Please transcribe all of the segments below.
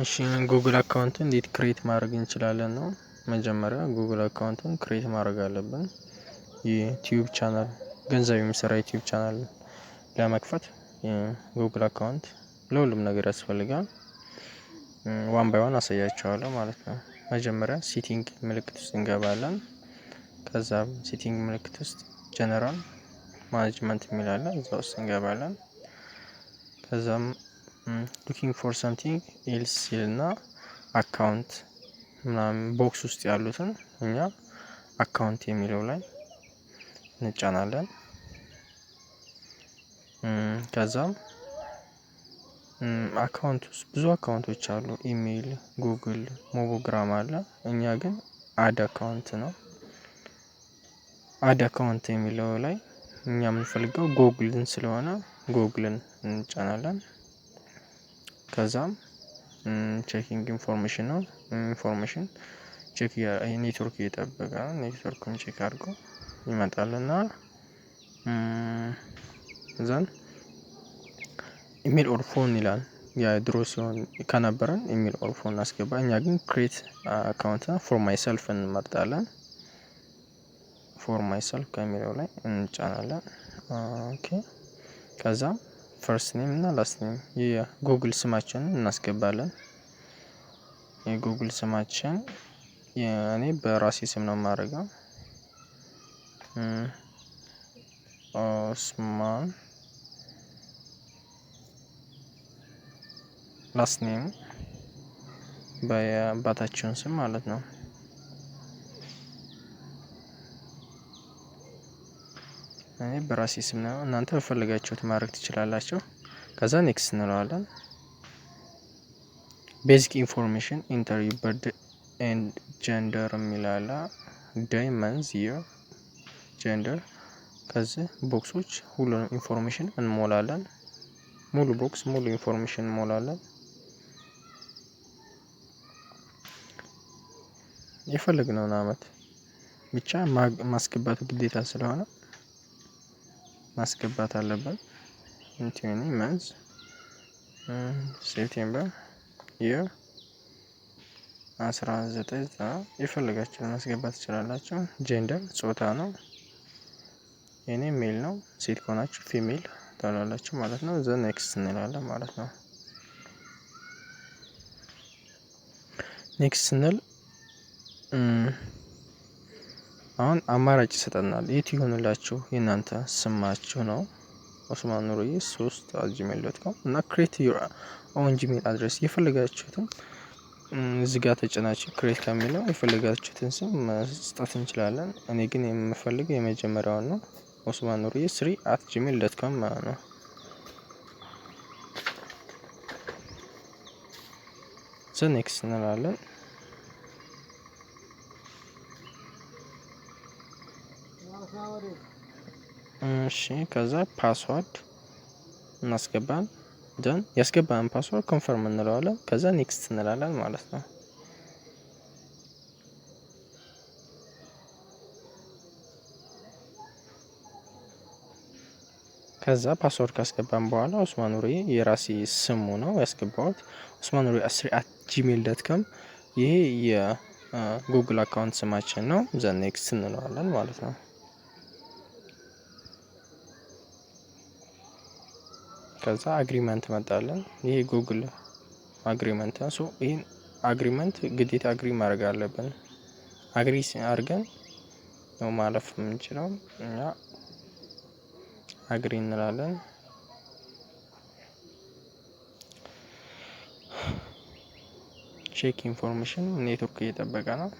እሺ ጉግል አካውንት እንዴት ክሬት ማድረግ እንችላለን ነው? መጀመሪያ ጉግል አካውንትን ክሬት ማድረግ አለብን። ዩቲዩብ ቻናል ገንዘብ የሚሰራ ዩቲዩብ ቻናል ለመክፈት ጉግል አካውንት ለሁሉም ነገር ያስፈልጋል። ዋን ባይ ዋን አሳያቸዋለሁ ማለት ነው። መጀመሪያ ሴቲንግ ምልክት ውስጥ እንገባለን። ከዛ ሴቲንግ ምልክት ውስጥ ጀነራል ማኔጅመንት የሚላለን እዛ ውስጥ እንገባለን። ከዛም ሉኪንግ ፎር ሰምቲንግ ኤልስ ሲልና አካውንት ምናምን ቦክስ ውስጥ ያሉትን እኛ አካውንት የሚለው ላይ እንጫናለን። ከዛም አካውንት ውስጥ ብዙ አካውንቶች አሉ። ኢሜይል፣ ጉግል፣ ሞቦግራም አለ። እኛ ግን አድ አካውንት ነው። አድ አካውንት የሚለው ላይ እኛ የምንፈልገው ጎግልን ስለሆነ ጎግልን እንጫናለን። ከዛም ቼኪንግ ኢንፎርሜሽን ነው። ኢንፎርሜሽን ቼክ ኔትወርክ እየጠበቀ ነው። ኔትወርኩን ቼክ አድርጎ ይመጣል እና ዘን ኢሜል ኦር ፎን ይላል። ያ ድሮ ሲሆን ከነበረን ኢሜል ኦር ፎን አስገባ። እኛ ግን ክሬት አካውንት ፎር ማይሰልፍ እንመርጣለን። ፎር ማይሰልፍ ከሚለው ላይ እንጫናለን። ኦኬ ከዛም ፈርስት ኔም እና ላስት ኔም የጉግል ስማችንን እናስገባለን። የጉግል ስማችን እኔ በራሴ ስም ነው የማደርገው። ኦስማን ላስት ኔም በአባታችን ስም ማለት ነው። እኔ በራሴ ስም ነው። እናንተ በፈለጋችሁት ማድረግ ትችላላችሁ። ከዛ ኔክስት እንለዋለን። ቤዚክ ኢንፎርሜሽን ኢንተር በርድ ኤንድ ጀንደር የሚላላ ዳይ መንዝ ይር ጀንደር ከዚህ ቦክሶች ሁሉንም ኢንፎርሜሽን እንሞላለን። ሙሉ ቦክስ ሙሉ ኢንፎርሜሽን እንሞላለን። የፈለግነውን አመት ብቻ ማስገባቱ ግዴታ ስለሆነ ማስገባት አለብን። ኢንቲኒ መንዝ ሴፕቴምበር የር አስራ ዘጠኝ ዘጠና የፈለጋችሁን ማስገባት ትችላላችሁ። ጀንደር ጾታ ነው። የኔ ሜል ነው። ሴት ከሆናችሁ ፊሜል ታላላችሁ ማለት ነው። ዘ ኔክስት እንላለን ማለት ነው። ኔክስት ስንል አሁን አማራጭ ይሰጠናል። የት ይሆንላችሁ የእናንተ ስማችሁ ነው። ኦስማን ኑርዬ ሶስት አት ጂሜል ዶት ኮም እና ክሬት ዩር ኦን ጂሜል አድረስ የፈለጋችሁትን እዚህ ጋር ተጭናችሁ ክሬት ከሚለው የፈለጋችሁትን ስም መስጠት እንችላለን። እኔ ግን የምፈልገው የመጀመሪያውን ነው። ኦስማን ኑርዬ ስሪ አት ጂሜል ዶት ኮም ማለት ነው። ዘኔክስ እንላለን። እሺ ከዛ ፓስዋርድ እናስገባን ደን ያስገባን ፓስዋርድ ኮንፈርም እንለዋለን። ከዛ ኔክስት እንላለን ማለት ነው። ከዛ ፓስወርድ ካስገባን በኋላ ኡስማን ኑሪ የራሴ ስሙ ነው ያስገባሁት፣ ኡስማን ኑሪ አስሪ አት ጂሜል ይሄ የጉግል አካውንት ስማችን ነው። ዘ ኔክስት እንለዋለን ማለት ነው። ከዛ አግሪመንት መጣለን። ይህ ጉግል አግሪመንት ሶ ይህን አግሪመንት ግዴታ አግሪ ማድረግ አለብን። አግሪ አድርገን ነው ማለፍ የምንችለው እኛ አግሪ እንላለን። ቼክ ኢንፎርሜሽን ኔትወርክ እየጠበቀ ነው።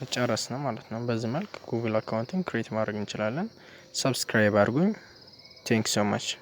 በቃ ነው ማለት ነው። በዚህ መልክ ጉግል አካውንትን ክሬት ማድረግ እንችላለን። subscribe. Thanks so much.